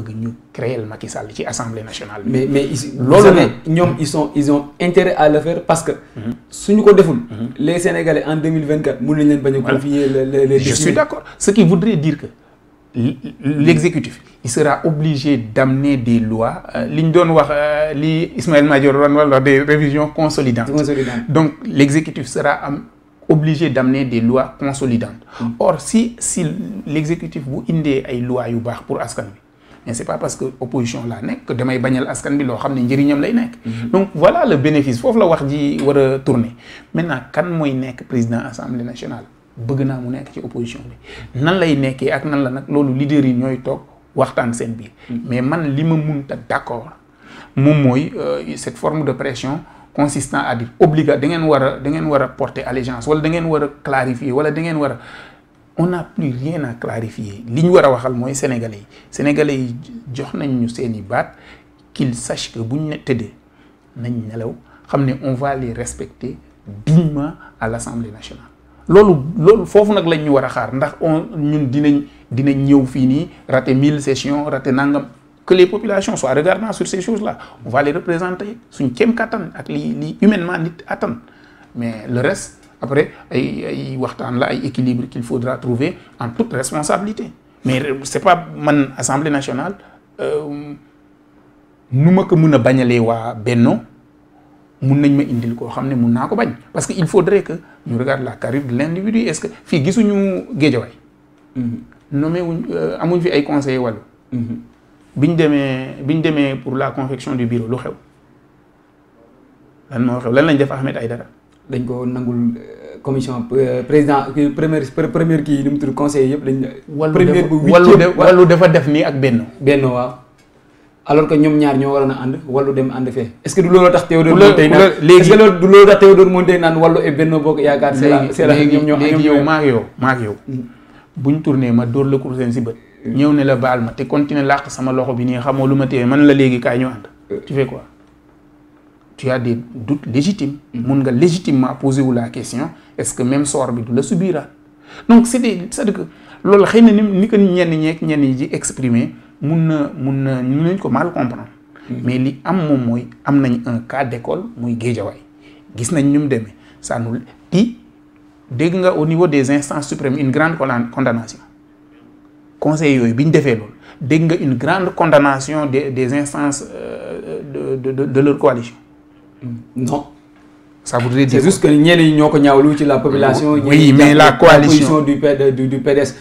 bëgg créer le Macky Sall nationale mais mais ils sont ils ont intérêt à le faire parce que. Mhm. suñu ko mhm. les sénégalais en 2024, nous vingt confier les, je suis d'accord. ce qui voudrait dire que l'exécutif il sera obligé d'amener des lois euh, euh, li Ismaël Major des révisions consolidantes. donc l'exécutif sera obligé d'amener des lois consolidantes. Mhm. Or, si, si l'exécutif vous indé des lois pour Askan, mais c'est pas parce que opposition là nek que demay bagnal askan bi lo xamné ne njëriñam lay nek mhm. donc voilà le bénéfice foofu la wax ji wara tourner maintenant kan moy nek président assemblée nationale bëgg naa mu nekk ci opposition bi nan lay nekkee ak nan la nak lolu leader yi ñoy tok waxtaan seen bi mhm. mais man li munta d'accord moom moy euh, cette forme de pression. consistant à dire obliga da ngeen wara da ngeen wara porter allégeance wala da ngeen wara clarifier wala da ngeen wara on n'a plus rien à clarifier Ce ñu war a waxal que sénégalais sénégalais jox nañ ñu qu'ils sachent que si on ne tëddee on va les respecter dignement à l'Assemblée nationale C'est ce foofu nag lañ ñu war a xaar ndax on ñun dinañ ñëw raté mille sessions raté nangam que les populations soient regardantes sur ces choses-là on va les représenter suñ kéem kattan ak li li humainement nit mais le reste après il ay a la ay équilibre qu'il faudra trouver en toute responsabilité mais c'est pas man assemblée nationale nous euh, ne ko pas a wa Benno nous nañ ma indil ko xamné ne mun parce qu'il faudrait que nous regardions la carrière de l'individu est-ce que vous gisuñu Géejawaay mm-hmm. nommé euh, amuñ fi ay conseillers wàllu mm-hmm. biñ démé biñ démé pour la confection du bureau lu xew lan mo xew lan lañ def Ahmed Aïdara dañ ko nangul euh, commission euh, président première première kii nu mu tudd conseil yëpp dañ. première bu huitième wallu dafa def nii ak benn. benn waaw alors que ñoom ñaar ñoo waroon a ànd wallu dem ànd fee. que du loolu tax Théodore. léegi est-ce que loolu du loolu tax benn boo ko yaakaar. c'est la c'est la ñoom ñoo léegi yow maa yow maa yow. Hmm. buñ ma dóor la kuréel si bët. ñëw ne la baal ma te continuer làq sama loxo bi nii xamoo lu ma téye man la léegi kaay ñu ànd. Euh. tu fais tu as des doutes légitimes Tu mhm. nga légitimement poser la question est-ce que même ce soir, le subira donc c'est ça cest dire que nous avons exprimé, ni avons ko ñeek mal comprendre mhm. mais li am moy am nañ un cas d'école moy géejawaay gis nañ ñum démé ça sànnu ti dégg nga au niveau des instances suprêmes une grande condamnation conseil yoy biñ fait ça. dégg nga une grande condamnation des des instances euh, de de de leur coalition Mm. Non. Ça voudrait dire. juste que la population. Oui, mais la coalition. du, du, PDS.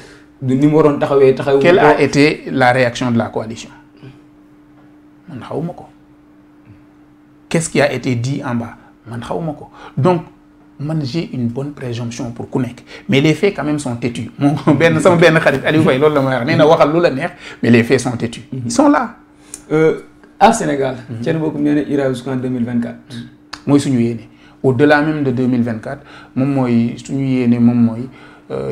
Quelle a été la réaction de la coalition Qu'est-ce qui a été dit en bas Donc, j'ai une bonne présomption pour Kounek. Mais les faits, quand même, sont têtus. Mais les faits sont têtus. Ils sont là. Euh, à Sénégal. Thierno beaucoup il y ira jusqu'en 2024. Moi, suñu suis au delà même de 2024 je suis suñu yéene moom mooy. Euh,